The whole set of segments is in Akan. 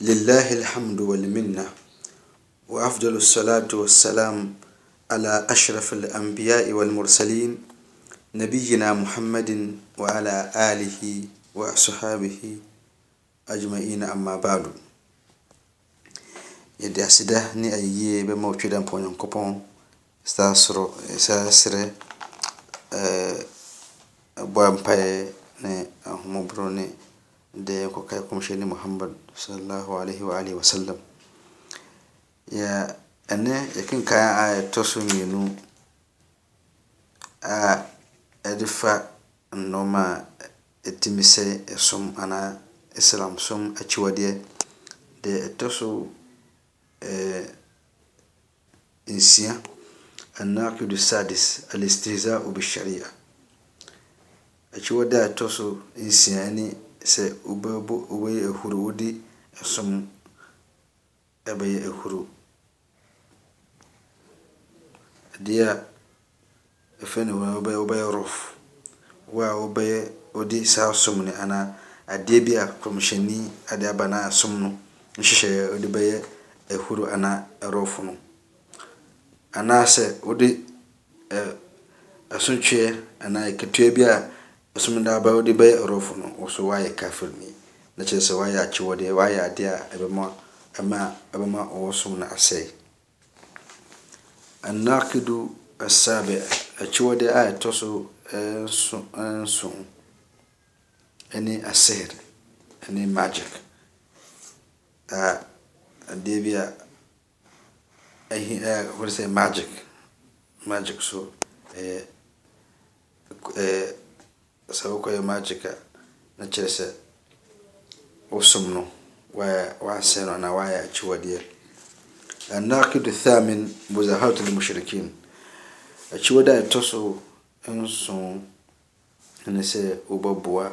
لله الحمد والمنة وأفضل الصلاة والسلام على أشرف الأنبياء والمرسلين نبينا محمد وعلى آله وصحابه أجمعين أما بعد yɛde aseda ne ayie bɛma ɔtwada mpa onyankopɔn saa soro saa serɛ mpaeɛ ne ahomɔborɔ ne da ya kai kuma shine Muhammad sallallahu alaihi wa alihi wasallam ya ene yakin kaya a tosu minu a edifa noma etimi sɛ ɛsom anaa islam som da deɛ ɛtɔ so nsia الناقد السادس a بالشريعة أشوى su توسو e, ne sɛ wobɛbɔ wobɛyɛ ahuro wode som ɛbɛyɛ ahuro adeɛ a ɛfɛ no wobɛyɛ wobɛyɛ rof wo a wobɛyɛ wode saa som ne anaa adeɛ bi a kɔmhyɛni ade aba no a no nhyehyɛeɛ wode bɛyɛ ahuro anaa ɛrɔf no anaasɛ wode asotweɛ anaa akatua bi a ɔsɛm da aba wode bɛyɛ ɔrɔfo no wasu waye woayɛ ne na kyerɛ sɛ woayɛ akyi wɔ deɛ woayɛ adeɛ a wasu na asai an som no a annakidu asabe akyiwɔde a su so nson ne asir ne magic a adeɛ bi a ahi a wɔde sɛ magic magic so eh, ɛɛ sabu koyo majika na chese usumnu waya waseno na waya chuwa dia anakid thamin a li mushirikin chuwa da toso enso ne se ubabwa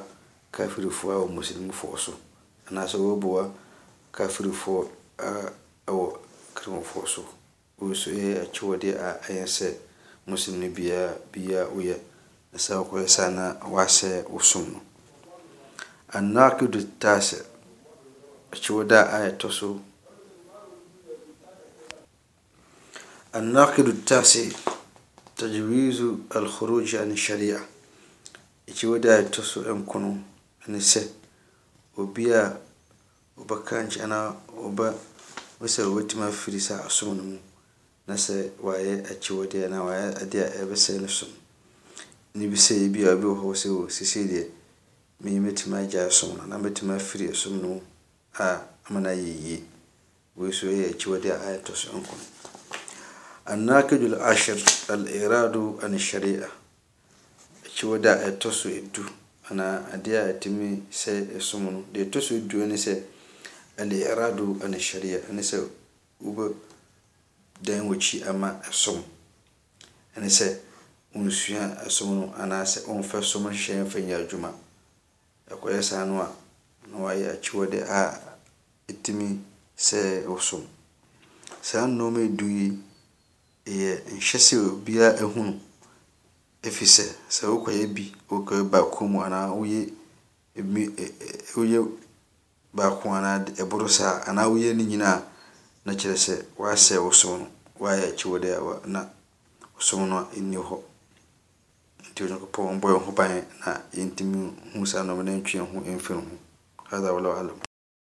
kafiru fo wa muslimu fo so na oh, so ubabwa kafiru fo a awo kirmu fo so uso e chuwa dia a ayense muslimu biya biya uya nasara ko ya sana wasa usun an na ku da tasa a ci wada a ya taso an na ku da tasa ta jibizu alhuruji a shari'a a ci wada a ya taso yan kunu a nisa obiya obakanci ana oba wasa wata mafi risa a sunan mu sai waye a ci wada yana waye a daya a yabasa yana sunan ne bi sɛ ebi a bi wɔ hɔ sɛ o oh, seesei deɛ meyi mɛtumi agya som no na mɛtumi afiri asom no a ama no ayɛ yie wei so yɛ akyiwade a ayɛ tɔ so nkon annakidul ashir al-iradu an sharia akyiwade a ɛtɔ so edu anaa adeɛ a ɛtumi sɛ ɛsom no deɛ ɛtɔ so edu ne sɛ al-iradu an sharia ne sɛ wobɛ dan w'akyi ama ɛsom ne sɛ ɔnsua som no anaasɛ ɔmfa som hyɛ mfa nyɛ adwuma ɛkɔyɛ saa no a na wayɛ akyiwade a ɛtumi sɛ ɔsom saa nnoɔma edu yi yɛ nhyɛ sɛ obiara ahunu ɛfiri sɛ sɛ wokɔyɛ bi wokɔyɛ baako mu anaa woyɛ bi woyɛ baako anaa ɛboro saa anaa woyɛ ne nyinaa na kyerɛ sɛ woasɛ wo no woayɛ akyiwade a na som no a ɛnni hɔ tú Onyankopɔn bɔ un ho ban na yɛntumi hu saa no en yɛn ho mfiri ho.